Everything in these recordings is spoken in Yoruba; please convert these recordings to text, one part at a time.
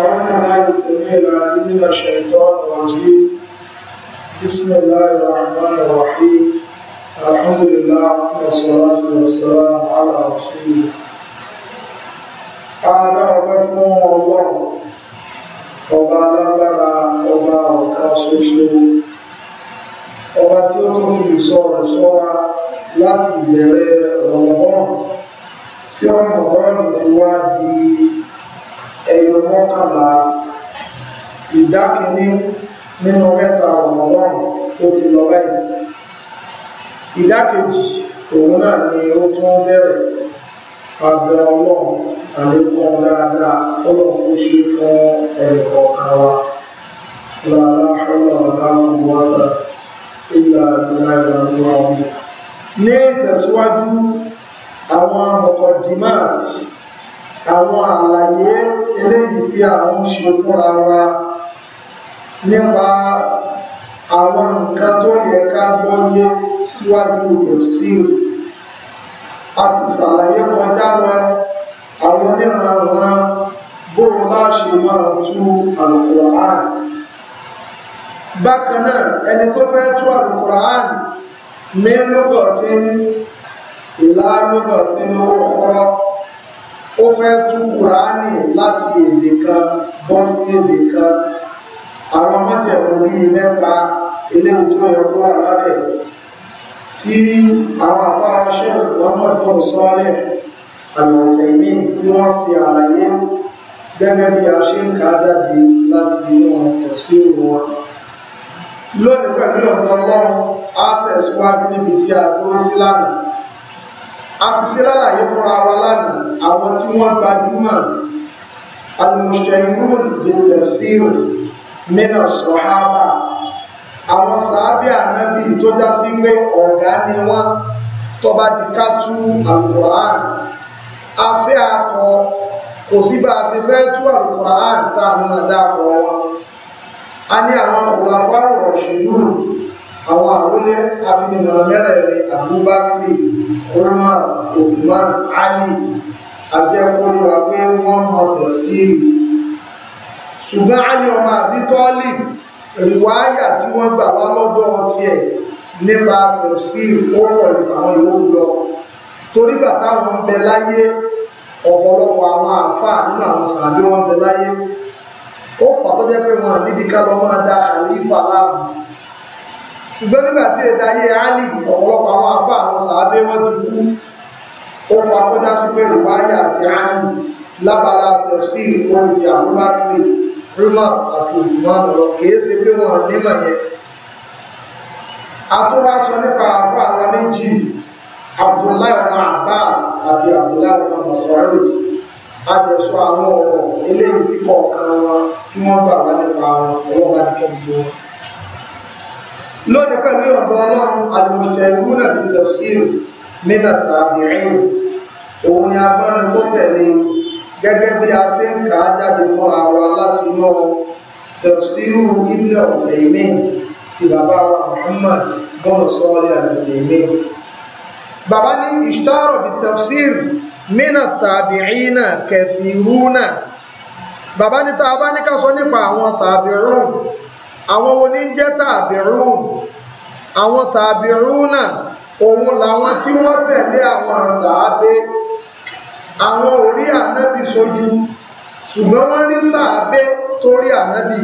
أعوذ بالسميع العليم من الشيطان الرجيم بسم الله الرحمن الرحيم الحمد لله والصلاة والسلام على رسول الله Ada ọpẹ́ fún Ọlọ́run, ọba alágbára, ọba ọ̀kan ṣoṣo, ọba tí ó tó fi ìṣọ̀rọ̀ ṣọ́ra láti ìbẹ̀rẹ̀ ọ̀rọ̀ ọ̀rọ̀ tí ọ̀rọ̀ ọ̀rọ̀ fi wá di ẹyọ mọ́kànlá ìdá kìíní nínú mẹ́ta ọ̀mọ̀lọ́rùn ó ti lọ báyìí ìdá kejì òun náà ni ó tún bẹ̀rẹ̀ abẹ ọlọ́run àlékún dáadáa ọlọ́run ó ṣe fún ẹ̀rọ ọ̀kan wa lára ọlọ́run láwọn wọ́tà ìlà ìlànà ọlọ́run ní ìtẹ̀síwájú àwọn mọ̀kọ̀dìmáàtì àwọn àlàyé eléyìí tí àwọn ń ṣe fúnra wa nípa àwọn nǹkan tó yẹ ká gbọ́yé síwájú tẹ̀síì a ti ṣàlàyé kọjá lọ àwọn oníranran bóun bá ṣe máa tú àlùkùrán bákan náà ẹni tó fẹ́ tú àlùkùrán mi lógọ̀ tí ń ìlà lógọ̀ tí ń ó kọ́rọ́ ó fẹ́ tú kùránì láti èdè kan bọ́ sí èdè kan àwọn mọ́tẹ̀mú bíi mẹ́ta eléyìí tó yẹ kó wà lálẹ́ tí àwọn afárasẹ́ Muhammad bin Saleh Al-Uthaymeen tí wọ́n ṣe àlàyé gẹ́gẹ́ bí a ṣe ń kà á dàbí láti inú ẹ̀sìn wọn lónìí pẹ̀lú ọ̀dọ́ ọlọ́run á tẹ̀síwájú níbi tí a dúró sí lánàá a ti ṣe lálàyé fúnra wa lánàá àwọn tí wọ́n gbajúmọ̀ al-mushtahirun bit-tafsir min as-sahaba àwọn sàábì ànábì tó já sí pé ọ̀gá ni wọ́n tó bá di ká tú al-Qur'an afẹ́ akọ kò sí bá a ṣe fẹ́ tú al tá a nínú àdá akọ wọn a ní àwọn kòlàfà rọ̀ ṣèlú àwọn àrólé afinilọ́nà mẹ́rẹ̀ẹ̀rin Abubakar Umar Usman Ali ajẹ́kọ̀ọ́yà pé wọ́n mọ tẹ̀síìrì ṣùgbọ́n Ali ọmọ Abi Talib rìwáyà tí wọ́n gbà wá lọ́dọ̀ tiẹ̀ nípa tẹ̀síìrì ó pọ̀ àwọn yòókù lọ torí bàtà wọn bẹ láyé ọ̀pọ̀lọpọ̀ àwọn àfáà nínú àwọn sàbí wọn bẹ láyé ó fà tó jẹ́ pé ṣùgbọ́n nígbà tí èdè ayé Ali ọ̀pọ̀lọpọ̀ àwọn afá àwọn sàábé wọ́n ti kú ó fa kọjá sí pé rìwáyà àti Ali lábala tafsir ohun ti àbúbákiri rúmà àti Usman lọ kìí ṣe pé wọn nímọ̀ yẹn atúwáṣọ nípa afá àwọn méjì Abdullahi ọmọ Abbas àti Abdullahi ọmọ Mas'ud àjẹsọ àwọn ọ̀rọ̀ eléyìí tí kọ̀ọ̀kan wọn tí wọ́n gbà wá nípa àwọn ọlọ́pàá nìkan gbogbo wọn lónìí pẹ̀lú ọ̀dọ́ ọlọ́run al-mushtahiruna bit-tafsir min at-tabi'in òun ni agbọ́nrin tó tẹ̀lé gẹ́gẹ́ bí a ṣe ń kà á jáde fún àwa láti lọ tafsiru Ibn Uthaymeen ti bàbá wa Muhammad bọ́ọ̀ sọ́ọ́lẹ̀ al-Uthaymeen bàbá ní ishtaro bit-tafsir min at-tabi'ina kathiruna bàbá ní tá a bá ní ká sọ nípa àwọn tàbí rọrùn àwọn wo ní jẹ́ tàbírùn àwọn tàbírùn náà òun làwọn tí wọ́n tẹ̀lé àwọn sàábé àwọn orí ànábì sójú ṣùgbọ́n wọ́n rí sàábé torí ànábì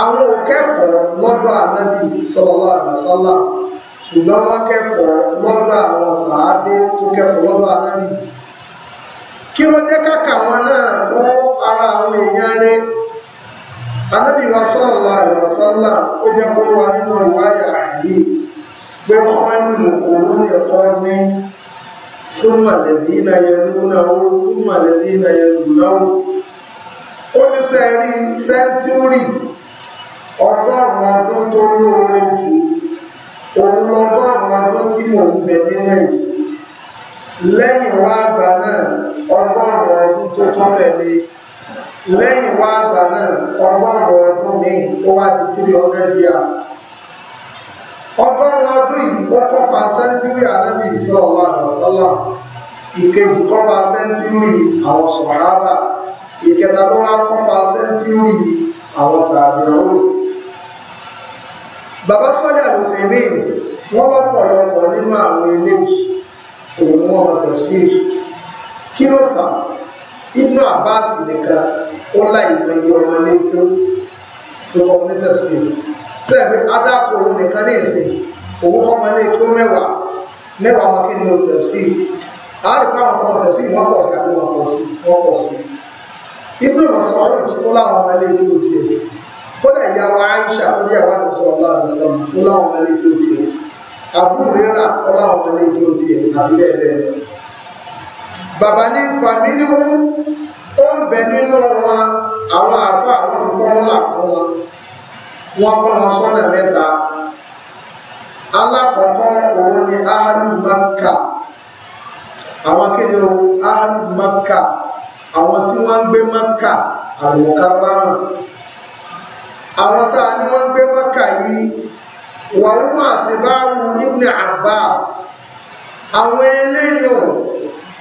àwọn ò kẹ́kọ̀ọ́ lọ́dọ̀ ànábì sallallahu alaihi wasallam ṣùgbọ́n wọ́n kẹ́kọ̀ọ́ lọ́dọ̀ àwọn sàábé tó kẹ́kọ̀ọ́ lọ́dọ̀ ànábì kí ló jẹ́ káka wọn náà wọ́n ara àwọn èèyàn rẹ̀ anábì wa sallallahu alaihi wasallam ó jẹ́ kó wà nínú ìwáyà yìí pé kọ́ọ̀lù òun ẹ̀kọ́ ní fún màlẹ̀bí na yẹlú náà fún màlẹ̀bí na yẹlú náà ó ní sẹ́rí sẹ́ńtúrì ọgọ́rùn-ún ọdún tó lóore jù òun lọ́gọ́rùn-ún tí mò ń bẹ nílẹ̀ lẹ́yìn wá àgbà náà ọgọ́rùn-ún tó tọ́lẹ̀ lẹ́yìn wá àgbà náà ọgọ́rùn-ún ọdún ó wá di three hundred years ọgọ́rùn-ún ọdún yìí ó kọ́fà ìkejì kọ́fà sẹ́ńtúrì àwọn ìkẹta ló wá kọ́fà sẹ́ńtúrì àwọn bàbá sọ́jà ló fẹ́ nínú àwọn eléyìí òun wọn ọ̀tọ̀ Ibn Abbas nìkan ó láì mọ iye ọmọ ilé tó tó kọ́ ní tẹ̀sí sẹ́ẹ̀fẹ́ adáko òun nìkan ní ìsìn òun kọ́ ọmọ ilé tó mẹ́wàá mẹ́wàá ọmọ kí ni o tẹ̀sí láàrín káwọn ọmọ tẹ̀sí wọ́n pọ̀ sí àbí wọ́n pọ̀ sí wọ́n pọ̀ sí Ibn Mas'ud ó láwọn ọmọ ilé tó tiẹ̀ kódà ìyàwó Aisha ó jẹ́ ìwádìí sọ̀rọ̀ láàrín sọ̀rọ̀ ó láwọn ọmọ ilé tó tiẹ̀ àbúrò rírà ó láwọn ọmọ ilé tó tiẹ̀ àti bẹ́ẹ̀ bẹ́ẹ̀ bàbá ní fàmílíwò ó ń bẹ nínú wọn àwọn àfa àwọn fi fọ́múlà kún wọn wọn kọ́ wọn sọ́nà mẹ́ta alákọ̀ọ́kọ́ òun ni ahalu maka àwọn kéde o ahalu maka àwọn tí wọ́n ń gbé maka àlùkárámà àwọn tá a ní wọ́n ń gbé maka yìí wàhùn àti báwù ibn Abbas àwọn eléyìí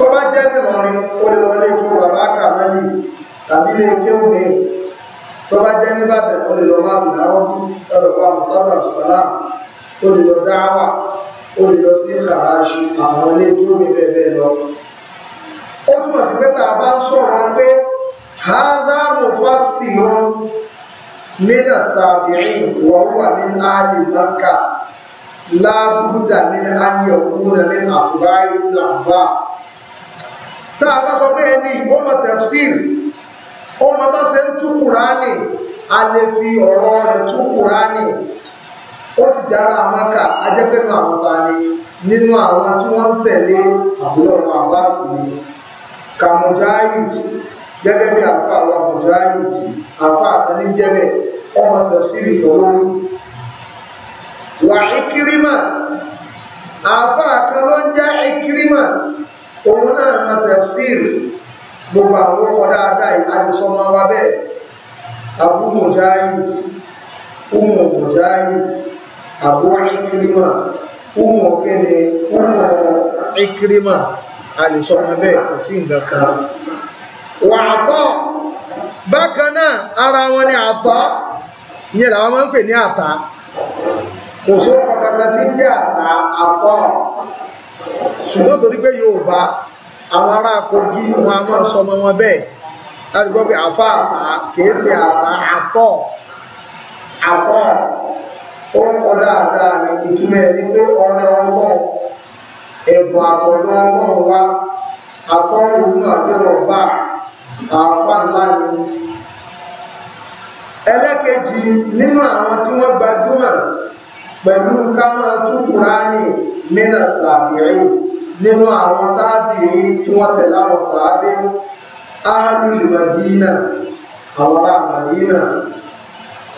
tó bá jẹ́ nìlọrin ó lè lọ ilé kí bàbá kàmẹ́lì tàbí ilé kéwù ní tó bá jẹ́ nìbàdàn ó lè lọ má bìí lárọ́ lọ́dọ̀ bá mọ̀tàbà sàlám ó lè lọ dáwà ó lè lọ sí kàràṣì àwọn ilé kéwù ní bẹ́ẹ̀ bẹ́ẹ̀ lọ. ó túmọ̀ sí pé tá a bá ń sọ̀rọ̀ pé hádà mufassirun nínà tàbírí wàhùwà ní àlè Mákkà láàbùdà ní ayẹ̀kú ní àtúbáyé ní Abbas tá a bá sọ pé ẹni ó mọ̀ tafsir ó mọ̀ bá ṣe ń tú kùránì a lè fi ọ̀rọ̀ rẹ̀ tú kùránì ó sì dára àmọ́kà ajẹ́pẹ́nu àwọn ta ni nínú àwọn tí wọ́n ń tẹ̀lé àbúrò ọmọ Abbas ni kàmùjáyìd gẹ́gẹ́ bí àfa àwọn kàmùjáyìd àfa àtẹni jẹ́bẹ̀ ọmọ tẹ̀sírì fọlórí wà ìkírímà àfa kan ń jẹ́ ìkírímà òun náà ma tafsir gbogbo àwọn ọkọ̀ dáadáa àìsọmọ wa bẹ́ẹ̀ Abu Mujahid Umu Mujahid Abu Ikrima Umu kẹ́ni Umu Ikrima àìsọmọ bẹ́ẹ̀ kò sí nǹkan kan wà àtọ́ bákan náà ara wọn ni àtọ́ ìyẹn làwọn máa ń pè ní àtà kò sókọ̀ kankan tí ń jẹ́ àtà àtọ́ ṣùgbọ́n torí pé Yorùbá àwọn ará Kogi wọn a máa sọmọ wọn bẹ́ẹ̀ láti gbọ́ pé àfa àtà kìí ṣe àtà àtọ̀ àtọ̀ ó kọ dáadáa ní ìtumọ̀ ẹni pé ọrẹ ọlọ́run ẹ̀bùn àtọ̀dọ̀ ọlọ́run wa àtọ́rù náà dẹ̀rọ̀ bá àfa ńlá ni ẹlẹ́kejì nínú àwọn tí wọ́n gbajúmọ̀ pẹ̀lú ká máa tú Kùránì mínà tàbíyìn nínú àwọn tábìyìn tí wọ́n tẹ̀lé àwọn sàábé áhàlùlì màdínà àwọn ará màdínà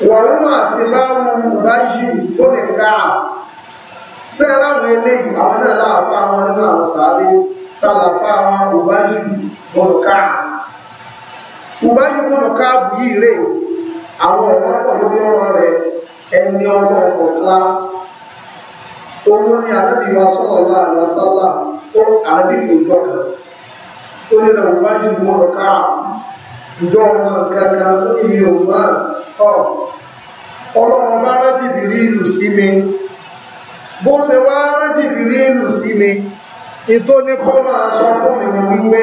wọ̀rún àti báwọn ọ̀báyì ó lè káà sẹ́ẹ̀rẹ́ àwọn eléyìí àwọn náà láàfá wọn nínú àwọn sàábé tàlàfá àwọn ọ̀báyì bọ̀rọ̀ káà ọ̀báyì bọ̀rọ̀ káà bù yìí rè àwọn ọ̀rọ̀ lórí ọ̀rọ̀ rẹ̀ ẹni ọlọ́run first class owó ní arábì wa sọ́lọ̀ láàrín sálà ó arábì kò jọ kan ó ní lọ wájú mọ́ ọ̀ká ìjọ ọmọ kankan ó ní mi ò máa ọ̀ ọlọ́run bá rájìbìrí ìlú sí mi bó ṣe wá rájìbìrí ìlú sí mi ètò ní kó máa sọ fún mi ní wípé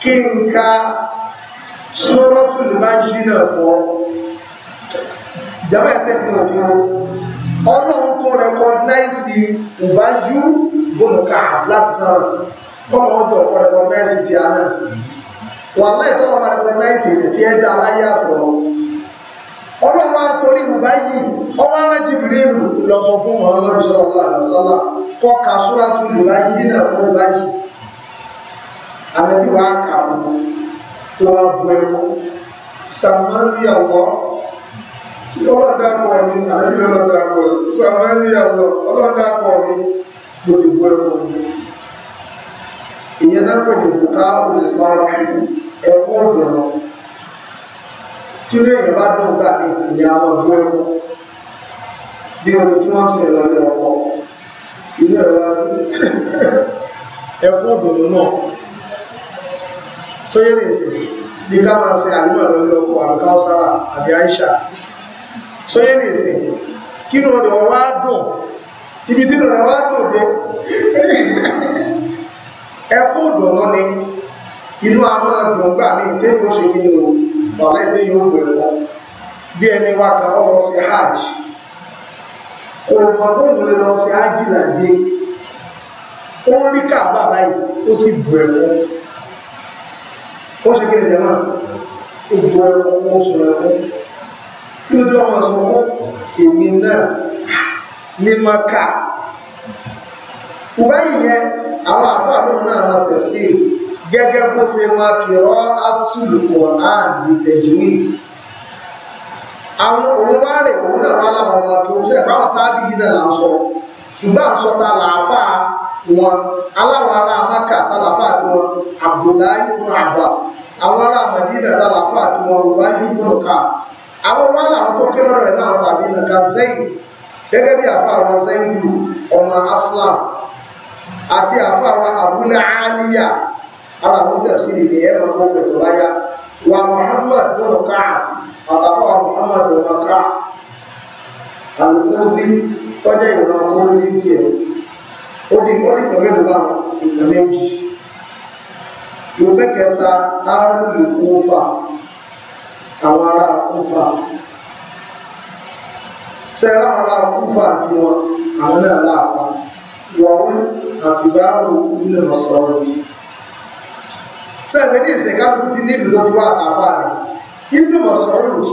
kí n ka suratul bá jìnà fọ́ jàmẹ́ tẹ́kùn òjò ọlọ́run tó rẹkọdínáìsì ọba yú gbọ́nùká láti sára bọ́nà ọjọ́ ọkọ̀ rẹkọdínáìsì ti àná wà láì tọ́lọ́ bá rẹkọdínáìsì rẹ̀ tí ẹ dá aláyé àtọ̀ ọlọ́run wa ń torí ọba yìí ọba ara Jibrilu lọ sọ fún Muhammadu sallallahu alaihi wasallam kọ́ ka súrátù lùlá yìí náà fún ọba yìí àbẹ̀bí wa kà fún wọn bu ẹ̀kọ́ sàmúlẹ̀ ọ̀wọ́ tí ọlọ́run dákọ̀ mi àbí ọlọ́run dákọ̀ mi fún àwọn ẹni àlọ́ ọlọ́run dákọ̀ mi mo sì bú ẹ̀kọ́ mi. ìyẹn dákọ̀ ní bùkà olùfara ẹ̀kọ́ ọ̀dọ̀rọ̀ tí ó lẹ́yìn bá dùn gbà ní ìyá àwọn bú ẹ̀kọ́ bí omi tí wọ́n ń sìn lọ́lẹ́ ọkọ̀ ilé ẹ̀rọ ẹ̀kọ́ ọ̀dọ̀rọ̀ náà tó yẹ ní ìsìn bí ká máa sin àlùmọ̀ sóyé ní ìsìn kí ló rẹ̀ wá dùn ibi tí ló rẹ̀ wá dùn dé ẹkún dùnú ni inú àwọn dùn gbà mí lẹ́yìn oṣù mi ò mọ̀lẹ́ tí yóò gbé wọn bí ẹni wa kan ọ lọ sí hajj kò mọ̀ pé òun lè lọ sí hajj láyé ó ń rí káàbà báyìí ó sì bù ẹ̀wọ̀n ó ṣe kí ni jẹ́ náà ó bù ẹ̀wọ̀n ó sọ ẹ̀wọ̀n kí ló dé ọmọ sọkún èmi náà ní maka kùbá yìí yẹn àwọn àfáà tó náà máa tẹ̀sí gẹ́gẹ́ bó ṣe máa kìrọ́ átùlùkọ̀ náà di tẹ̀júwìd àwọn òun wá rè òun náà wá láwọn ọmọ tó ń sọ ẹ̀fọ́ àwọn tábì yìí náà là ń sọ ṣùgbọ́n à ń sọ ta làáfàá wọn aláwọ̀ ará maka tàlàfà àti wọn Abdullahi ibn Abbas àwọn ará Madina tàlàfà àti wọn Ubayy ibn Ka'b àwọn wọn làwọn tó kéré lọ́dọ̀ rẹ̀ náà tàbí nàka zayd gẹ́gẹ́ bí àfàwọn zaydu ọmọ aslam àti àfàwọn abúlé aliya ara àwọn tẹ̀síìrì ni ẹ̀ máa kó pẹ̀lú láyà wa muhammad lọ́nà káà àtàwọn muhammad lọ́nà káà alukóbi tọ́jà ìwọ̀n akóbi tiẹ̀ ó di ó di kọ̀wé ló bá ìgbà méjì ìwé kẹta arúgbó kófà àwọn ará kúfà sẹ́rà ará kúfà tiwọn àwọn náà láàpá wọ́n àti báàrù nílẹ̀ lọ́sọ̀rọ̀ yìí sẹ́ẹ̀mẹ́ ní ìsẹ̀kálùkù ti ní ìbùdó tó wà àfà rẹ̀ ibùdó lọ́sọ̀rọ̀ yìí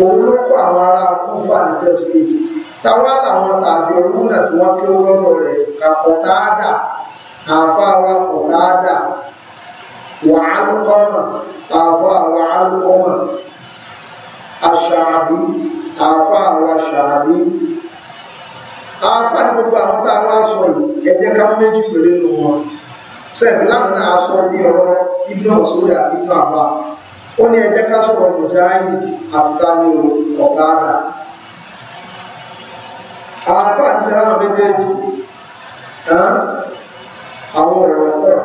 òun ló kọ́ àwọn ará kúfà ní tẹ́psì táwọn làwọn tàbí ọdún náà tí wọ́n kí ó rẹ̀ kàkọ́tàádà àfà wa kọ̀tàádà wàhálùkọ́mà àfà wàhálùkọ́mà aṣáàbí àáfà àwọn aṣáàbí àáfà ní gbogbo àwọn tá a wá sọ yìí ẹ jẹ́ ká méjì péré nù wọn sẹ́ẹ̀bí lánàá a sọ bí ọ̀rọ̀ ibnu ọ̀sọ́rẹ́ àti ibnu abbas ó ní ẹ jẹ́ ká sọ̀rọ̀ mujahid àti tani ọ̀kadà àáfà ní sẹ́lá àwọn méjèèjì àwọn ọ̀rọ̀ pọ̀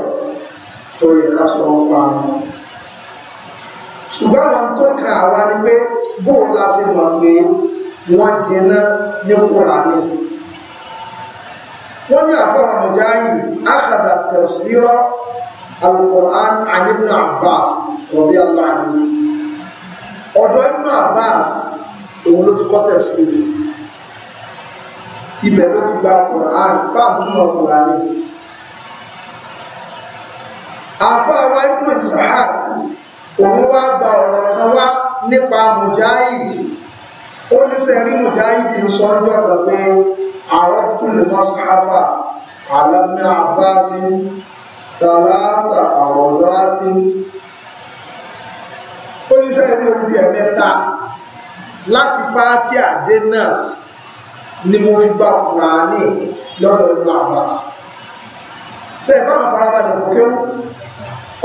tó yẹ ká sọ̀rọ̀ pa wọn. pé wọ́n jiná ní kúránì wọ́n ní àfọwọ́ mujahid akhadha tafsira al-Qur'an an ibn Abbas radiyallahu anhu ọ̀dọ̀ ibn Abbas òun ló ti kọ́ tafsiri ibẹ̀ ló ti gba Qur'an fáàtúmọ̀ kúránì àfọwọ́ ibn òun wá gba ọ̀rọ̀ kan wá nípa ó ní sẹ́rí mùjáhídì ń sọ ọjọ́ kan pé àwọn tún lè mọ́ sáfà alábìnrin àbáṣí tàlàtà àwọ̀dọ́ àti ó ní sẹ́rí orí ẹ̀mẹ́ta láti fáátì àdénàs ni mo fi gba kùránì lọ́dọ̀ inú àbáṣ ṣe ìbáwọn farabalẹ̀ kò kéwù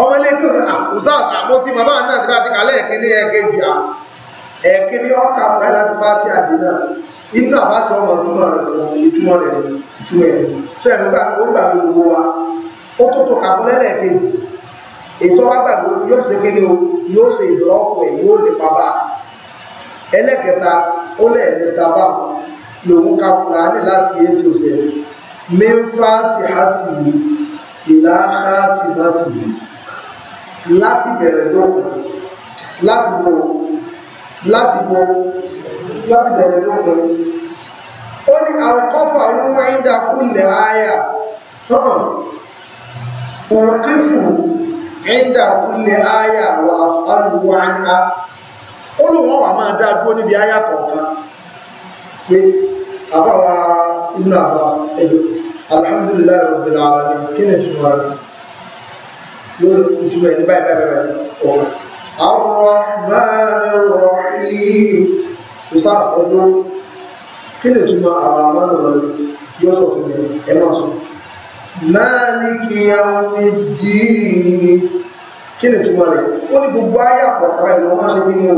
ọmọ ilé kí òṣàṣà àpótí bàbá náà ti bá ti kàlẹ́ ìkíní ẹ̀kejì àwọn ah ẹ̀kíní ọkà kúrẹ́ láti fáti àdínàs inú àbá sọ ọmọ ìtumọ̀ rẹ̀ fún ìtumọ̀ rẹ̀ ìtumọ̀ rẹ̀ sẹ́yìn gbà ó gbà mí gbogbo wa ó tó tó kàfún lẹ́lẹ́kejì ètò wa gbàgbé yóò ṣe kíní o yóò ṣe ìdọ́ọ̀kù ẹ̀ yóò lè pa bá ẹlẹ́kẹta ó lẹ́ẹ̀mẹta bá lòun ka kùránì láti ètò ṣẹ mẹ́fà ti há ti yìí ìlà há ti má ti yìí láti bẹ̀rẹ̀ dọ́kùn láti bọ̀ láti bo láti bẹ̀rẹ̀ lópin ó ní àkọ́fà rúwá ìdá kúlẹ̀ àyà tán òkífù ìdá kúlẹ̀ àyà wà sálùwà ńlá ó lóun wà máa dá dúró níbi àyà kọ̀ọ̀kan pé àbáwá abbas alhamdulilayi kí ni ìtumọ̀ rẹ̀ ìtumọ̀ Ar-Rahman Ar-Rahim ustaz ẹ̀dọ́ kí ni túmọ̀ Ar-Rahman Ar-Rahim yóò sọ fún mi ẹ̀ máa sọ. Maliki Yawmiddin kí ni túmọ̀ rẹ̀ ó ní gbogbo ayé àpọ̀pọ̀ ẹ̀ wọ́n ṣe kí ni o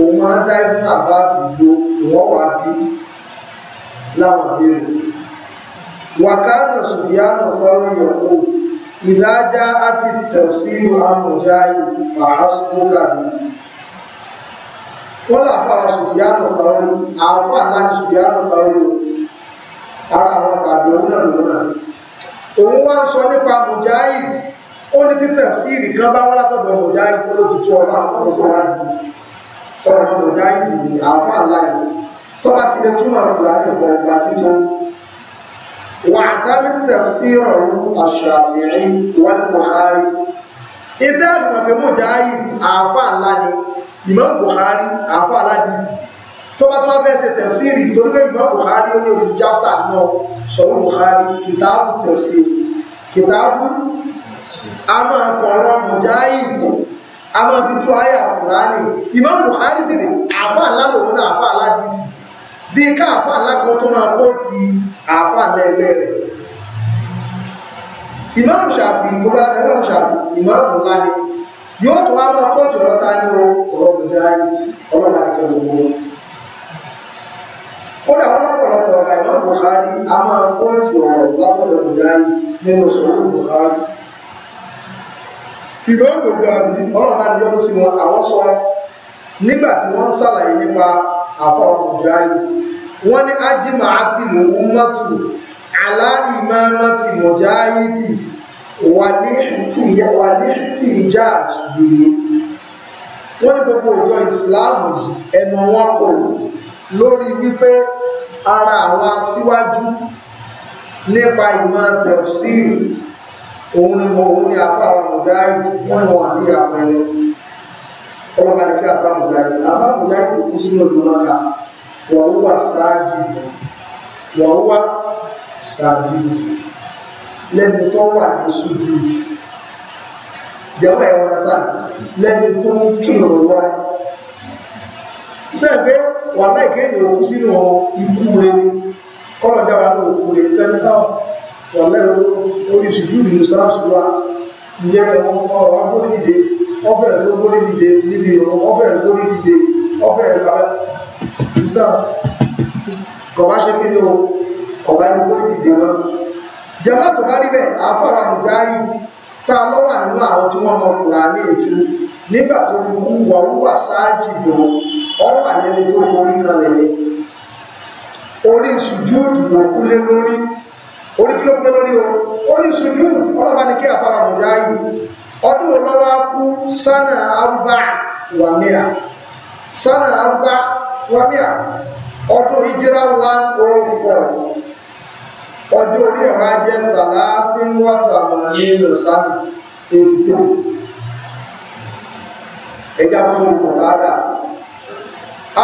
òun máa dá ibùn Abbas gbó wọ́n wà bí láwọn àbẹ̀rẹ̀. Wàkánà Sufyan Thawri yẹ̀ kó إذا جاءت التفسير عن مجاهد فحسبك به wọ́n lè àfa sùfìyànù fàwọn àfa aláàjì sùfìyànù fàwọn ara àwọn tàbí òun náà lòun náà òun wá ń sọ nípa mujahid ó ní títẹ̀ sí ìrìkan bá wá látọ̀dọ̀ mujahid kó ló ti tú ọba àwọn ìṣèwádìí ọ̀rọ̀ mujahid àfa aláàjì tó bá ti lè túmọ̀ ìgbà ní ìfọ̀ọ́gbà títún واعتبر تفسيره الشافعي والبخاري إذا أسمى بمجاهد عفا لاني Imam Bukhari àfọ aládìsí tó bá tó bá fẹ́ ṣe tẹ̀síìrì torí pé Imam Bukhari ó ní odidi chapter náà sọ̀rọ̀ Bukhari kìtàbù tẹ̀síìrì kìtàbù a máa fọ̀rọ̀ mujahid a máa fi tú ayé àkùránì Imam Bukhari sì ni àfọ aládòun náà àfọ aládìsí bí ká àfà lákan tó máa kó ti àfà lẹ́gbẹ́ rẹ̀ ìmáàmù ṣàfì ìgbóbá ìmáàmù ṣàfì ìmáàmù ńlá ni yóò tó wá máa kó ti ọ̀rọ̀ ta ní o ọ̀rọ̀ mùjáyìí ọlọ́dà kẹkẹ gbogbo kódà wọn lọ́pọ̀lọpọ̀ ọ̀gá ìmáàmù Buhari a máa kó ti ọ̀rọ̀ látọ̀dọ̀ mùjáyìí nínú sọ̀rọ̀ Buhari ìgbà ògbògbò àbí ọlọ́ọ̀bá ni yọ́nu sí wọn àwọn sọ nígbà tí wọ́n ń sàlàyé nípa àfọwọ́ mujahid wọ́n ní ajímọ̀ àti lòwú mọ́tù aláìmọ́mọ́tì mujahidi wàlíhìtì ìjáàjì yìí wọ́n ní gbogbo ìjọ ìsìláàmù yìí ẹnu wọn kò lórí wípé ara àwọn aṣíwájú nípa ìmọ̀ tẹ̀síìrì òun ni mo òun ni àfọwọ́ mujahid wọ́n wọ́n ní àwọn ọlọ́run bá ní kí àbá mùdáyì àbá mùdáyì kò kú sínú ìlú mọ́ka wọ́n wà sáájì wọ́n wà sáájì lẹ́nu tó wà ní sójú jẹ́wọ́ ẹ̀ understand lẹ́nu tó ń kírun lọ sẹ́gbẹ́ wà láìké òkú sínú ikú rere kọ́lọ̀ jáwa ní òkú rere tẹ́lẹ̀ náà wọ́n lẹ́nu orí ṣùgbọ́n ìlú sáà ṣùgbọ́n ǹjẹ́ ọ̀rọ̀ agbóhìnde ọbẹ̀ tó gbórí dìde níbi ìrún ọbẹ̀ gbórí dìde ọbẹ̀ parẹ́ instance kọ̀bá ṣe kí ni o kọ̀bá ní gbórí dìde mọ́ jama tó bá rí bẹ́ẹ̀ àfọ̀rà mujahid tá a lọ́wà nínú àwọn tí wọ́n mọ kùránì ètú nígbà tó fi kú wà wúwà sáájì dùn ọ̀rọ̀ àlẹ́ni tó forí kan lẹ́ni orí sùjúùdù ló kúlé lórí orí kí ló kúlé lórí o orí ọlọ́ba ni kí ọdún wo lọ́wọ́ kú sánà arúgbà wàmíà sánà arúgbà wàmíà ọdún ìjírá one oh four ọjọ́ orí ẹ̀rọ ajẹ́ tàlá fi ń wá sàmọ̀ ní lọ́sàn eighty three ẹ̀jẹ̀ àbúṣọ́lù kọ̀tàdà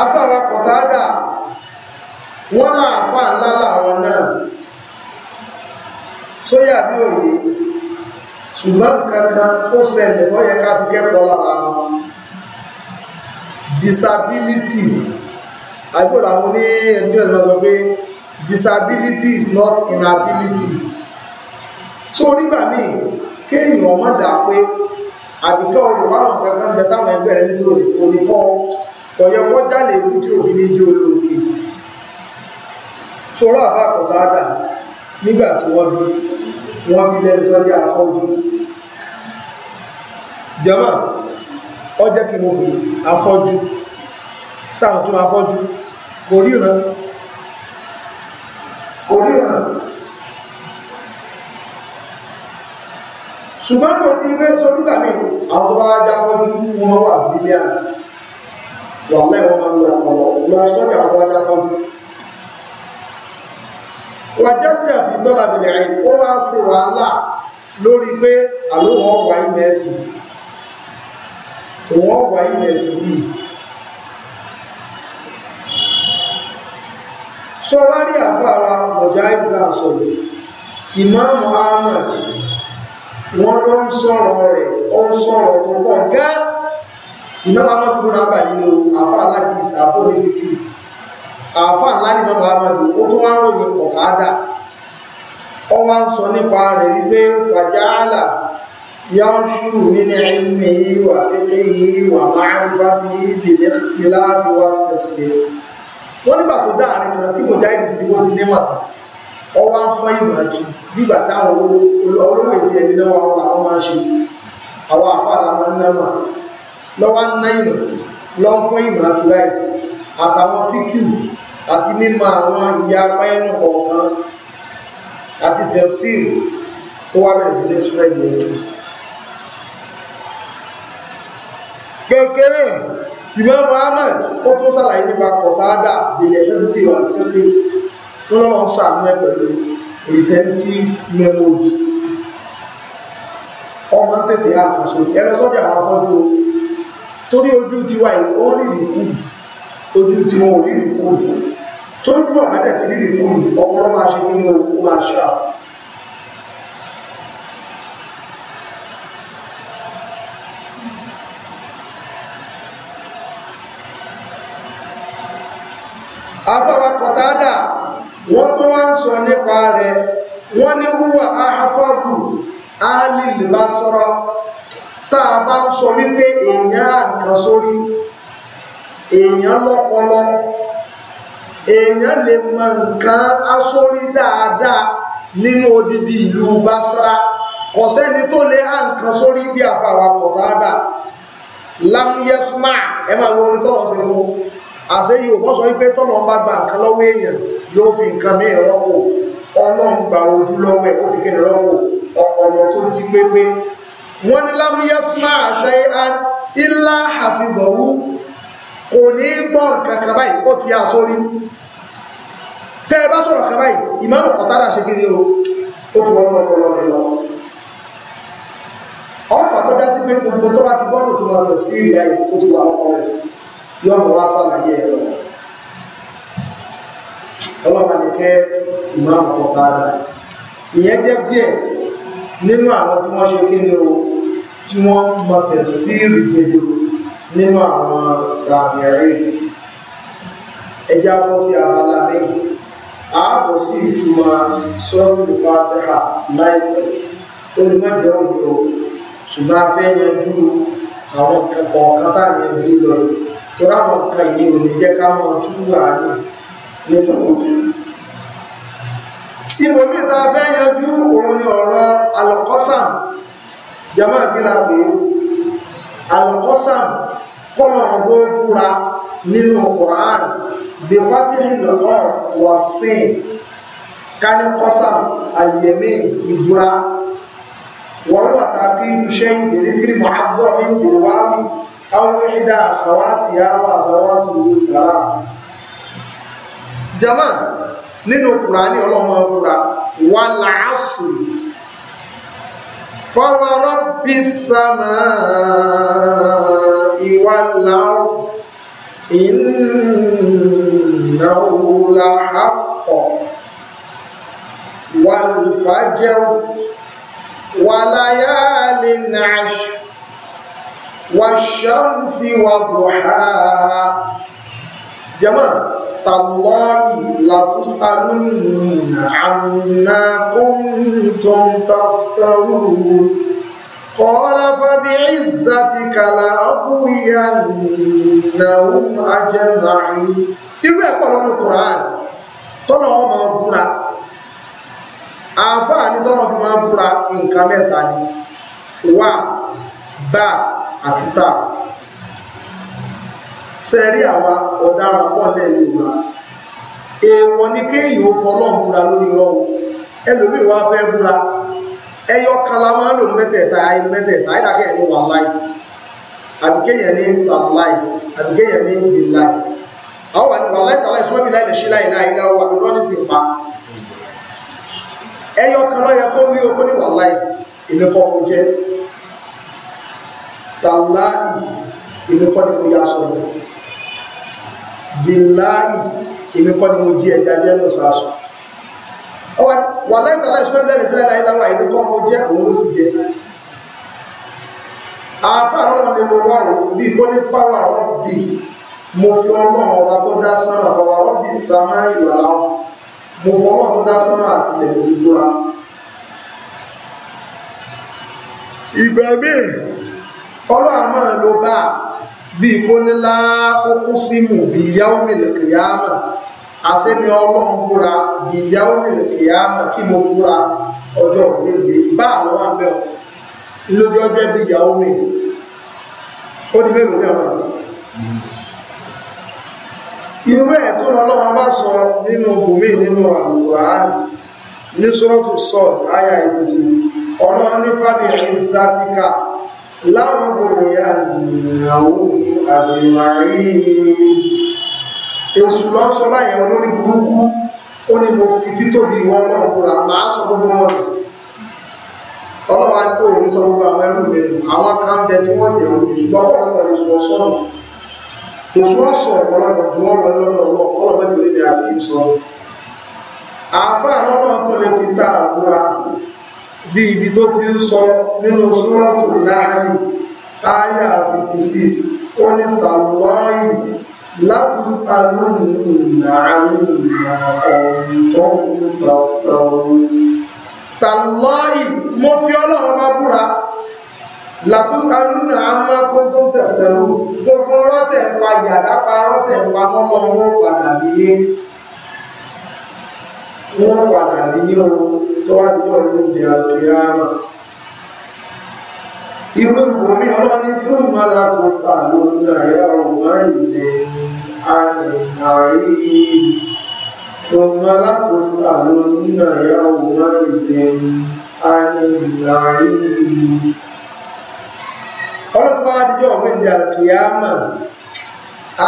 afára kọ̀tàdà wọ́n náà àfa ńlá làwọn náà sóyà bí òye ṣùgbọ́n kankan ó ṣẹlẹ̀ tó yẹ ká fi kẹ́kọ̀ọ́ lára wọn disability àgbọ̀dọ̀ àwọn oní ẹ̀dùn ẹ̀dùn sọ pé disability is not inability so nígbà míì kéèyàn ọmọ dà pé àbíkọ́ olùpáwọn kankan bẹ táwọn ẹgbẹ́ rẹ nítorí oníkọ́ ọ̀yọ́kọ́ jáde ikú tí òfin ní jí olóògbé sọ̀rọ̀ àbá àkọ́tà dáa nígbà tí wọ́n bí wọ́n bí lẹ́nu tó jẹ́ afọ́jú jẹ́mà ọ jẹ́ kí mo bí afọ́jú sáà tún afọ́jú kò ríran kò ríran ṣùgbọ́n kò ti gbé tó nígbà míì àwọn tó bá jáfọ́jú wọn wà brilliant wà lẹ́wọ̀n máa ń lọ ọ̀pọ̀lọpọ̀ lọ sọ́jà àwọn tó bá jáfọ́jú wàjádà fi tọ́lá bìlẹ̀ rẹ̀ ó wá sí wàhálà lórí pé àlóhùn ọ̀wà ilẹ̀ ẹ̀sìn òun ọ̀wà ilẹ̀ ẹ̀sìn yìí sọ́ra rí àfàrà ọ̀já ìdílà sọ̀rọ̀ ìmáàmù Ahmad wọ́n ló ń sọ̀rọ̀ rẹ̀ ó ń sọ̀rọ̀ tó pọ̀ gá ìmáàmù Ahmad kúrò náà nínú àfàrà aládìsí àfọ́ onífikiri àáfà ńlá ní mọ́mọ́ amadu ó tó wá ń ròyìn kọ̀tàádà ó wá ń sọ nípa rẹ̀ wípé fàjáàlà yanṣuru min ilmihi wa fiqihi wa ma'rifatihi bil ikhtilaf wa tafsir wọ́n nígbà tó dáàrin kan tí Mujahid ti dìbò ti ń fọ́n ìmọ̀ kí bígbà táwọn olówó ètí ẹni máa ń náà lọ́wọ́ ń ná ìmọ̀ lọ́ fọ́n àtàwọn fíkìlù àti mímọ̀ àwọn ìyapa ẹnu kọ̀ọ̀kan àti tefsir tó wá bẹ̀rẹ̀ sí ní spread yẹn. kékeré ìmọ̀ Muhammad ó tún sàlàyé nípa kọ̀tádà ilẹ̀ ẹ̀dẹ́gbẹ̀dẹ́ ìwà fẹ́lẹ́ wọn lọ́wọ́ ń sàánú ẹ̀ pẹ̀lú retentive memory ọmọ tètè àkóso ẹ lọ sọ́dọ̀ àwọn afọ́jú o torí ojú tiwa yìí ó rírì kúrì ojú tiwọn ò rírì kúrì. tó ń dúró àbádẹ tí rírì máa ṣe nínú owó máa ṣá. afọwọ́ wọ́n tó wá ń sọ nípa rẹ̀ wọ́n ní wúwà afọ́fù alìlbásọ́rọ́ tá a bá ń sọ wípé èèyàn àǹkan sórí èèyàn èèyàn lè mọ nǹkan asórí dáadáa nínú odidi ìlú Basra kò sẹ́ni tó lè há nǹkan sórí bí àfàwà kọ̀tàdà lamyasma ẹ máa wo orin tọ́lọ̀ sí fún àṣẹ yìí kò sọ wípé tọ́lọ̀ ń bá gba nǹkan lọ́wọ́ èèyàn yóò fi nǹkan mí rọ́pò ọlọ́run gba ojú lọ́wọ́ ẹ̀ ó fi kéde rọ́pò ọ̀pọ̀lọ tó jí pépé wọ́n ní lamyasma àṣẹ ilá àfihàn kò ní gbọ́ nǹkan kan báyìí ó ti yá sórí tẹ́ ẹ bá sọ̀rọ̀ kan báyìí ìmáàmù kọ̀tádà ṣe kiri o ó ti wọ́n lọ́pọ̀lọ́ rẹ̀ lọ ọ̀fà tó já sí pé gbogbo tó bá ti gbọ́nù tó wà lọ sí ìrìnà yìí ó ti wà lọ́pọ̀ rẹ̀ yọ̀ọ̀mù wá sàlàyé ẹ̀ lọ ọlọ́pàá ní kẹ́ ìmáàmù kọ̀tádà ìyẹn jẹ́ díẹ̀ nínú àwọn tí wọ́n ṣe kiri o tí wọ́n mọ̀ tẹ̀síìrì tẹ̀lé nínú àwọn tàbíẹ̀rẹ́ ẹjá bọ́ sí abala A ààbọ̀ sí ìtumọ̀ sọ́ọ̀tù fàtíhà láìpẹ́ olùmọ̀jẹ́ òbí o ṣùgbọ́n a fẹ́ yanjú àwọn ẹ̀kọ́ kátà yanjú lọ torí àwọn kan ìní òní jẹ́ ká mọ̀ túbọ̀ àní nítorí ibo mi ta fẹ́ yanjú òun ni ọ̀rọ̀ alọ́kọ́sàm jama kí la pè é alọ́kọ́sàm kọ́nà ọgbọ́ búra nínú Quran bí fatihil qaf wà sin kání kọ́sàm àlìyẹ̀mí ìbúra wọ́n wà tá a kí ju ṣẹ́yìn bìrìkìrì mọ́àdọ́ mi bìrì wá mi àwọn ìdá àkàwátì yà wà àbáwátì jama nínú Quran ọlọ́mọ búra wà láàásù fọwọ́rọ́ bí sàmáà. والأرض إنه لحق والفجر وليال عشر والشمس وضحاها جماعة تالله لتسألن عما كنتم تفترون قال فبعزتك لأغوينهم أجمعين irú ẹ̀ pọ̀ lọ́nà Qur'an tọ́lọ̀ wọn máa búra àáfàá ni tọ́lọ̀ fi máa búra nǹkan mẹ́ta ni wà bá àti tà sẹ́rí àwa ọ̀daràn pọ̀ lẹ́yìn Yorùbá èèwọ̀ ni kéèyàn ó fọlọ́ọ̀ búra lórí rọ́ọ̀ ẹlòmíì wá fẹ́ búra ẹyọ kalama la máa ń lò mẹ́tẹ̀ẹ̀ta ayé mẹ́tẹ̀ẹ̀ta ayé dàkẹ́ ẹni wà láì àbíkéyàn ní tàláì àbíkéyàn ní bìláì àwọn wà ní wà láì tàláì sọ́mọ́bì láì lè ṣí láì láì láì wà lọ́ ní sì pa ẹyọ kan ló yẹ kó rí okó ní wà láì èmi kọ́ mo jẹ́ tàláì èmi ni mo yá sọ̀rọ̀ bìláì èmi kọ́ ni mo jí ẹja jẹ́ lọ́sàásùn wà láì tàlá ìṣúná bí lẹ́lẹ̀ sílẹ̀ láì láwà ìlú kọ́ mo jẹ́ òun ló sì jẹ́ àáfà lọ́nà ni lo wà ó bíi kó ní fáwà rọ́bì mo fi ọlọ́run ọba tó dá sánà fọwọ́ rọ́bì sàmá ìwà láwọn mo fọwọ́ tó dá sánà àtìlẹ̀ mo fi búra ìgbà míì ọlọ́run àmọ́ ló bá bíi kó ní lá ó kú sí mù bíi yáwó mi lẹ̀kẹ̀yà mọ̀ àṣẹ́mi ọlọ́run búra ìyá òmìnira kìámà kí mo búra ọjọ́ òmìnira bá àlọ́ wà bẹ́ẹ̀ o lójú ọjọ́ bí ìyá òmìnira ó di mélòó jẹ́ wọn. irú ẹ̀ tó lọ lọ́wọ́ bá sọ nínú bùnmí nínú àlùkùránì ní sọ́rọ́tù sọ́ọ̀d àyà ìtùtù ọlọ́run ní fábí ìzàtìkà láwọn gbogbo ìyá àwọn àdìmọ̀rí èṣù lọ sọ láyẹ̀ olórí burúkú ó ní mo fi títóbi ìwọ ọlọ́run kúra màá sọ gbogbo wọn nù ọlọ́run àti òun sọ gbogbo àwọn ẹrù mi nù àwọn kan bẹ tí wọ́n jẹ̀rù èṣù lọ́pọ̀lọpọ̀ lè sọ sọ́nà èṣù ọ̀sọ̀ ọ̀pọ̀lọpọ̀ tí wọ́n wọ lọ́dọ̀ ọlọ́run kọ́lọ̀ mẹ́jọ lébi àti ìsọ àáfàá lọ́nà tó lè fi ta àkúra bí ibi tó ti ń sọ nínú súrọ́tù láàárín áyà 56 ó ní tàlọ́yìn لتسألن عما كنتم تفترون تالله mo fi ọlọ́run bá búra làtúnṣàlùnà àmọ́ kóńtó tẹ̀fẹ̀lú gbogbo rọ́tẹ̀ pa yàrá pa rọ́tẹ̀ pa mọ́mọ́ wọn padà bíyé wọn padà bíyé o tó wá di yọ̀ọ́ ìdí àlùkìyàmà irú عَنْ ثم لا تسألن يومئذ عن النعيم ọlọ́pàá wá díjọ́ ọ̀gbẹ́ ìdí àkìyàmà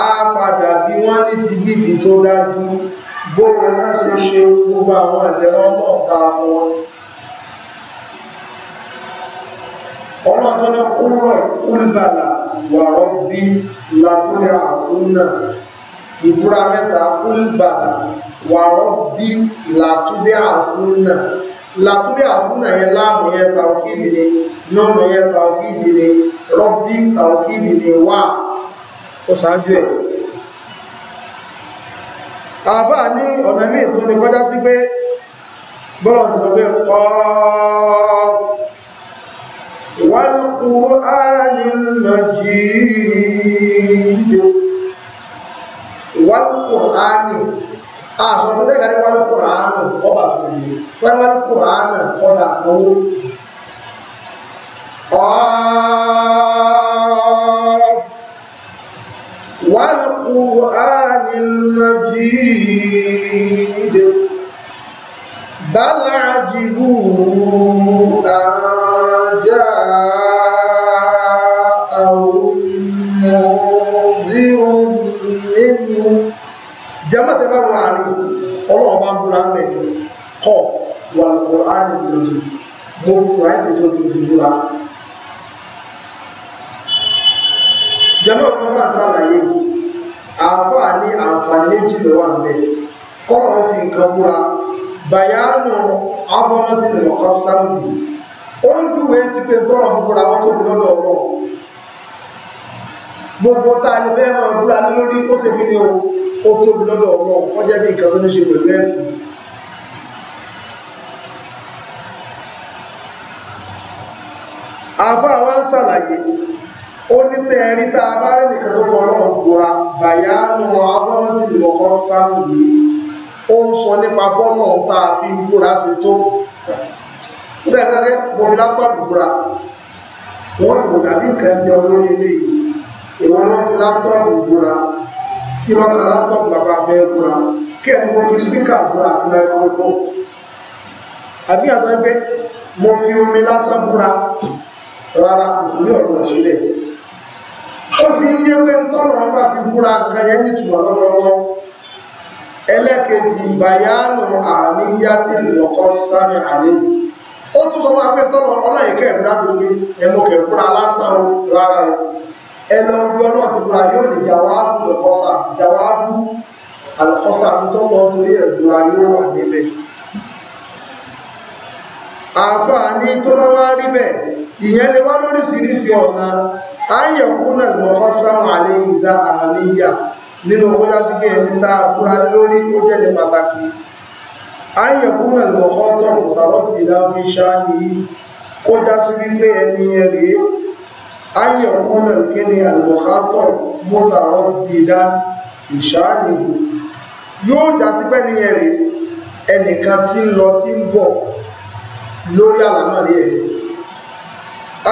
á padà bí wọ́n ní ti bíbí tó dájú bóòrò náà ṣe ṣe gbogbo àwọn ìdẹ̀rọ ọlọ́ọ̀ta fún wọn ọlọ́ọ̀tọ́lọ́kúnrọ̀ kúlbàlà wà rọ́bí látúrẹ̀ àfúnnà ìbúra mẹ́ta kúlbàlà wàrọ́ bí làtúbí àfúnà làtúbí àfúnà yẹn láàmù yẹn tàwùkìdì ni nọ́ọ̀nù yẹn tàwùkìdì ni rọ́bí tàwùkìdì ni wà tó ṣáájú ẹ̀. àbá ní ọ̀nà míì tó lè kọjá sí pé bọ́lá ti sọ pé kọ́ wal Qur'anil Majid. kùránì àṣọ̀kún tẹ́lẹ̀ kárí wá ní kùránì ọba fòye tọ́lá wá ní kùránì ọ̀dà owó ọ̀f wal kùránì al-majid azọ́mọ́tì lè kọ́ sáàmù ó ń dúwèé sí pé tọ́lọ̀ fún búra wọn tóbi lọ́dọ̀ ọ̀rọ̀ gbogbo tá a lè fẹ́ máa búra lórí ó sì kíni o ó tóbi lọ́dọ̀ ọ̀rọ̀ wọ́n jẹ́ bí nǹkan tó ní ṣe pẹ̀lú ẹ̀sìn àfa wa ń ṣàlàyé ó ní tẹ́ ẹ̀rí tá a bá rẹ̀ nìkan tó fọ́ ọlọ́run búra bàyá nù azọ́mọ́tì lè kọ́ sáàmù yìí ó ń sọ nípa bọ́nà tá a fi ń búra ṣe tó sẹ́ẹ̀kẹ́kẹ́ mo fi láptọ́ọ̀pù búra wọ́n ní kò tàbí nǹkan jẹ olórí eléyìí ìwọ ló fi láptọ́ọ̀pù búra kí ló ka láptọ́ọ̀pù bàbá fẹ́ búra kí ẹni mo fi spíkà búra àti microphone àbí àtọ́ pé mo fi omi lásán búra rárá mùsùlùmí ọ̀dọ̀ sílẹ̀ ó fi yé pé ń tọ́lọ̀ ọba fi búra nǹkan yẹn nítumọ̀ lọ́dọọdọ́ ẹlẹ́kejì bayanu àníyàtì lọ́kọ́ sáré àlejò ó tún sọ wáá pé tọ́lọ ọlọ́yìn kẹ́ẹ̀bùrá tó gbé ẹmọ kẹ́ẹ̀bùrá lásán o rárá o ẹnu ọgbẹ́ ọlọ́run ti búra yóò lè jàwáàbù lọ́kọ́sà jàwáàbù àlọ́kọ́sà tó lọ torí ẹ̀bùrá yóò wà níbẹ̀ àǹfààní tó bá wá rí bẹ́ẹ̀ ìyẹn lè wá lóríṣiríṣi ọ̀nà ayẹ̀kú náà lọ́kọ́sà wà ní ìdá àníyà nínú owó já sí pé ẹni tá a kúra lórí ó jẹ́ ní pàtàkì ayẹ̀kúnrẹ̀ lọ́kọ́tọ̀ mùtàrọ́bìnà fi ṣáàní kó já sí wípé ẹni rèé ayẹ̀kúnrẹ̀ kí ni àlọ́kọ́tọ̀ mùtàrọ́bìnà ìṣáàní yóò já sí pé ẹni rèé ẹnìkan tí ń lọ tí ń bọ̀ lórí àlámọ̀rí ẹ̀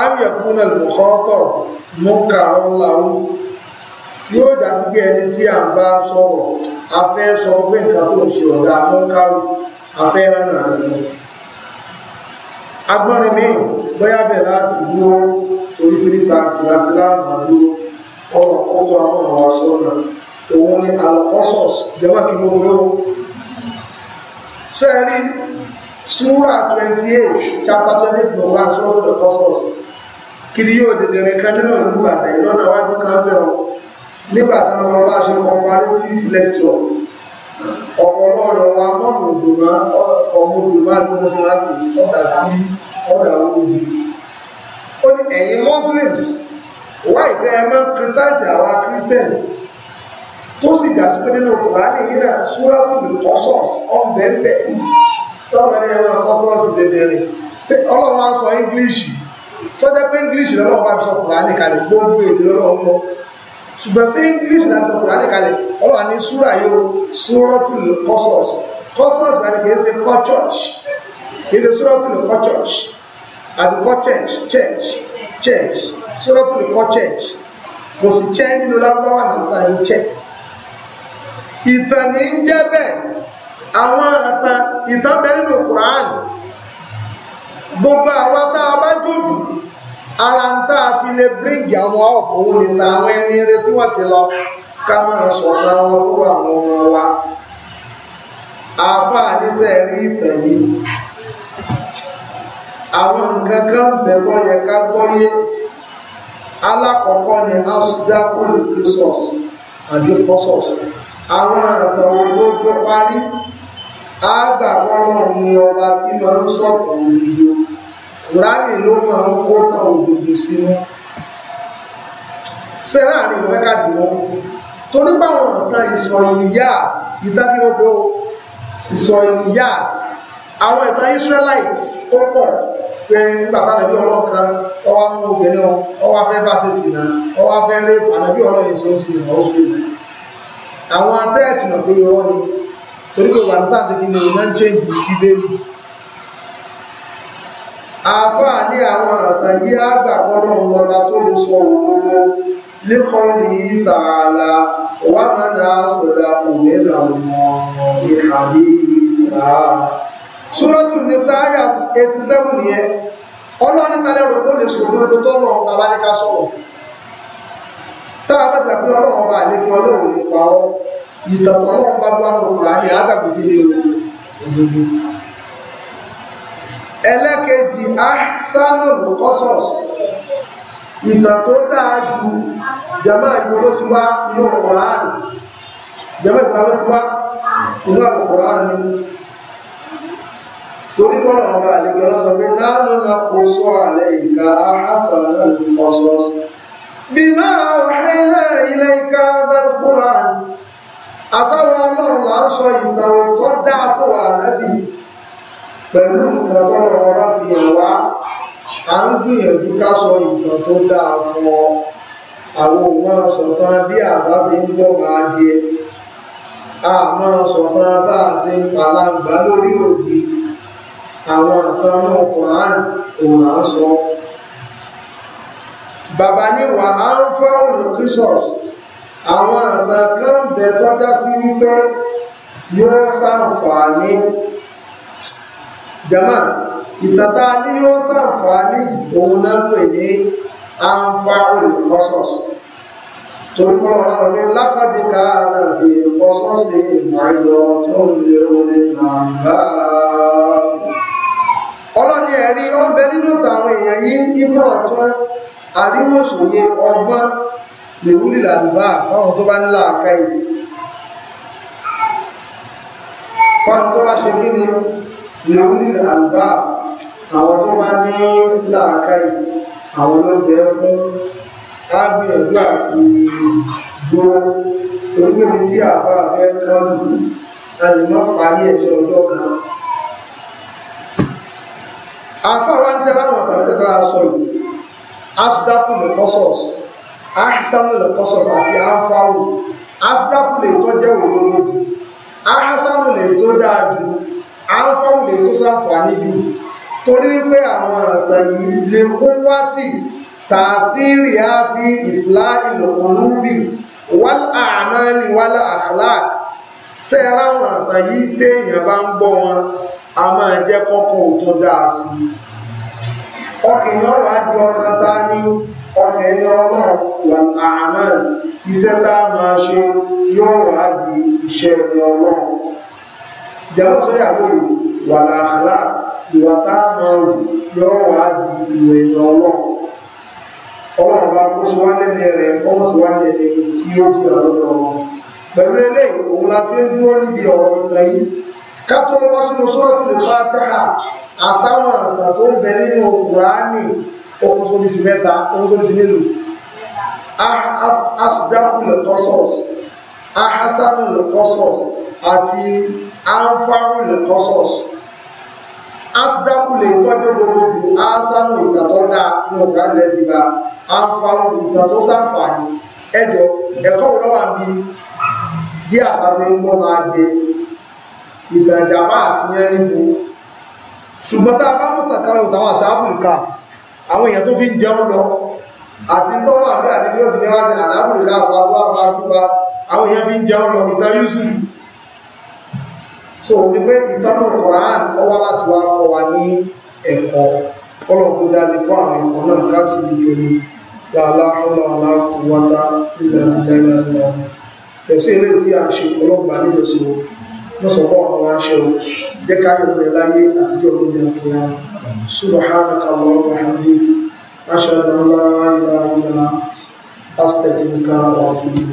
ayẹ̀kúnrẹ̀ lọ́kọ́tọ̀ mùkàrọ̀ ńláwó yóò já sí pé ẹni tí a ń bá sọ̀rọ̀ a fẹ́ sọ pé nǹkan tó ń ṣe ọ̀dà mọ́kárù a fẹ́ ránà rẹ̀ agbọ́nrin mi bóyá bẹ̀ láti dúró torí torí tààtì láti láàmà dúró ọ̀rọ̀ kọ́kọ́ àwọn ọ̀rọ̀ sọ́nà òun ni alọ́kọ́sọ̀s jẹ́wọ́ kí mo gbé ó sẹ́rí súrà 28 chapter 28 number 1 sọ́dọ̀ alọ́kọ́sọ̀s kí ni yóò dẹ̀dẹ̀rẹ̀ kan nínú ìlú àdáyé lọ́nà wájú kan bẹ́ẹ̀ nígbà táwọn ọmọ bá ṣe comparative lecture ọ̀pọ̀ lọ́rọ̀ wa mọ́nà òdòmá ọmọ òdòmá gbọ́nsálápù ọ̀dà sí ọ̀dà olóògbé ó ní ẹ̀yin Muslims Why they are máa precise criticize àwa Christians tó sì dàsí pé nínú Kùránì yìí náà súrátù lè kọ́sọ̀s ọ̀bẹ̀ẹ̀bẹ̀ tọ́lọ́ ní ẹ máa kọ́sọ̀s dẹ̀dẹ̀rẹ̀ ọlọ́run á sọ English sọ́jà pé English lọ́lọ́run bá fi sọ Kùránì kalẹ̀ gbogbo èdè lọ́lọ́run lọ́wọ́ ṣùgbọ́n sí english láti ọkùnrin àdìkalẹ̀ ọlọ́wà ní súra yóò súrọ́tùlù kọ́sọ̀s kọ́sọ̀s wà ní kìí ṣe kọ́ church kìí ṣe súrọ́tùlù kọ́ church àbí kọ́ church church church súrọ́tùlù kọ́ church kò sì chẹ́ nínú lágbáwá nàìjíríà yóò chẹ́ ìtàn ní ń jẹ́ bẹ́ẹ̀ àwọn ìtàn ìtàn bẹ́ẹ̀ nínú kùránì gbogbo àwa tá a bá ara ń tá a fi lè bíríǹgì àwọn ọ̀pọ̀ òun lè ta àwọn ẹni rẹ tí wọ́n ti lọ ká máa sọ̀rọ̀ àwọn owó àwọn ọmọ wa àáfà àdísẹ́ rí ìtàn yìí àwọn nǹkan kan bẹ̀ tó yẹ ká gbọ́yé alákọ̀ọ́kọ́ ni asudakul resource àbí pọ́sọ̀s àwọn àtàwọn olójó parí àgbà wọn lọ́rùn ni ọba tí máa ń sọ̀tọ̀ òdodo kùránì ló máa ń kó tán òdòdó sínú sẹ́rà ní ìgbẹ́ka dùn torí báwọn nǹkan ìsọ̀yìnìyàt ìdákíwọ́gbọ́ ìsọ̀yìnìyàt àwọn ìtàn Israelites ó pọ̀ pé nígbàtà nàbí ọlọ́kan ọwá mú obìnrin wọn ọwá fẹ́ bá ṣe sí náà ọwá fẹ́ rí ànàbí ọlọ́yìn sí ó sì rán oṣù ìlú àwọn atẹ́ẹ̀tì mọ̀ pé irọ́ ni torí pé wà ní sáà ṣe kí ni ìrìnà ń chẹ́ǹgì àáfàá ní àwọn àtàn yí àgbà kọ́nà ńlọba tó lè sọ òdodo lẹ́kọ̀ọ́lì tààlà wà máa na sọ̀dà òmìnira mọ́ ìhàbí ìlà. Súrọ́tù ní sáyà 87 nìyẹn, kó lè sòdodo tó lọ sọ̀rọ̀. a bá gbà pé ọlọ́run ọba àlékí ọlọ́run ọ́, ọlọ́run bá gbọ́ àwọn ẹlẹ́kejì ahsanul qasas ìtàn tó dáa ju jama ìgbò ló ti wá inú Qur'an jama ìgbò ló ti wá inú Qur'an torí bọ́lá ọba àlejò lọ́sọ pé nánú na kò sọ àlẹ́ ìka ahsanul qasas bima awhayna ilayka dal Qur'an àsáwọn ọlọ́run là ń sọ ìtàn tó dáa fún ànábì pẹ̀lú nǹkan tọ́nà wọn bá fi hàn wá à ń gbìyànjú ká sọ ìtàn tó dáa fún ọ àwọn ò máa sọ̀tàn bí àṣà ṣe ń bọ̀ máa di ẹ a máa sọ̀tàn bá a ṣe ń palàǹgbá lórí òbí àwọn nǹkan mọ̀ Quran kò là ń sọ bàbá ní á ń fáwọn christus àwọn àgbà kan bẹ̀ tọ́já sí wípé yóò ṣàǹfààní jama ìtàtà ní yóò sàǹfààní òun náà pè ní anfa'ul qasas torí kọ́lọ̀ ọ̀rọ̀ pé lápàdé káàlà fi qasas sí ìmọ̀lọ tó ń lè orin nàǹgá ọlọ́ni ẹ̀rí ọbẹ̀ nínú tàwọn èèyàn yìí ibùrọ̀ tó àríwòsòye ọgbọ́n lèwúlì làlùbá fáwọn tó bá ń láàká yìí fáwọn tó bá ṣe kí ni lórí àlùbá àwọn tó bá ní làákàyè àwọn ló bẹ fún ágbìyànjú àti dúró torí pé tí àbá abẹ kan lù a lè má parí ẹ̀ṣẹ̀ ọjọ́ kan afáwa ń ṣe láwọn ọ̀tàrí tẹ́tà sọ yìí asidapu lè kọ́sọ̀s ahisanu lè kọ́sọ̀s àti anfaru asidapu lè tọ́jẹ́ òdodo jù ahisanu lè tó dáa jù àǹfààní tó sàǹfààní jù torí pé àwọn ọ̀tàn yìí lè kó wátì tààfíìrì àfi ìsìlá ìlòkùnrúbì wal àmàlì wal akhlaq ṣe ráwọn ọ̀tàn yìí téèyàn bá ń gbọ́ wọn a máa jẹ́ kọ́kọ́ òtún dáa sí ọkàn ọ̀rọ̀ á di ọkàn tá a ní ọkàn ẹni ọlọ́run wal tá a máa ṣe yóò wá di ẹni ọlọ́run ìyàwó sọ́yàwó ìwà làálà ìwà táàmà rù yọ́ wà á di ìwà ẹ̀yàn ọlọ́run ọlọ́run bá kó sí wá lẹ́nu rẹ̀ ọmọ sí wá lẹ́nu tí ó di ọ̀rọ̀ lọ́wọ́ pẹ̀lú eléyìí òun la ṣe ń dúró níbi ọ̀rọ̀ ìtàn yìí ká tó lọ sínú sọ́ọ̀tù lè fà táhà àsáwọn àgbà tó ń bẹ nínú kùránì ohun mẹ́ta ohun mélòó asidaku lè kọ́sọ̀ọ̀sì ahasanu lè kọ́sọ̀ọ̀sì àti anfarul kọsọs asidakulè tọjú gbogbo ju asanu ìtàtọ dá inú ọgá ilẹ̀ ti ba anfarul ìtàtọ sàǹfààní ẹjọ ẹ̀kọ́ wọn wà bí bí àṣàṣe ń bọ máa jẹ ìtàjàmá àti yẹn níbo ṣùgbọ́n tá a bá mú tàkàrà òtàwọn àṣàbùlùkà àwọn èèyàn tó fi ń jẹun lọ àti tọ́wọ́ àbí àti tí ó ní wá sí àṣàbùlùkà àwọn àgbà àgbà àwọn èèyàn fi ń jẹun lọ ìtàn Yusuf so ní pé ìtọ́nù Quran ọwá láti wá kọ́ wa ní ẹ̀kọ́ ọlọ́kùnrin àlekọ́ àwọn ẹ̀kọ́ náà ká sì lè jòlè dáadáa ọlọ́ọ̀lá kò wáta nílẹ̀ nílẹ̀ lọ tẹ̀sí ilé tí a ṣe ọlọ́gbàá sí o wọ́n sọ subhanaka Allahumma wa hamdika ashhadu an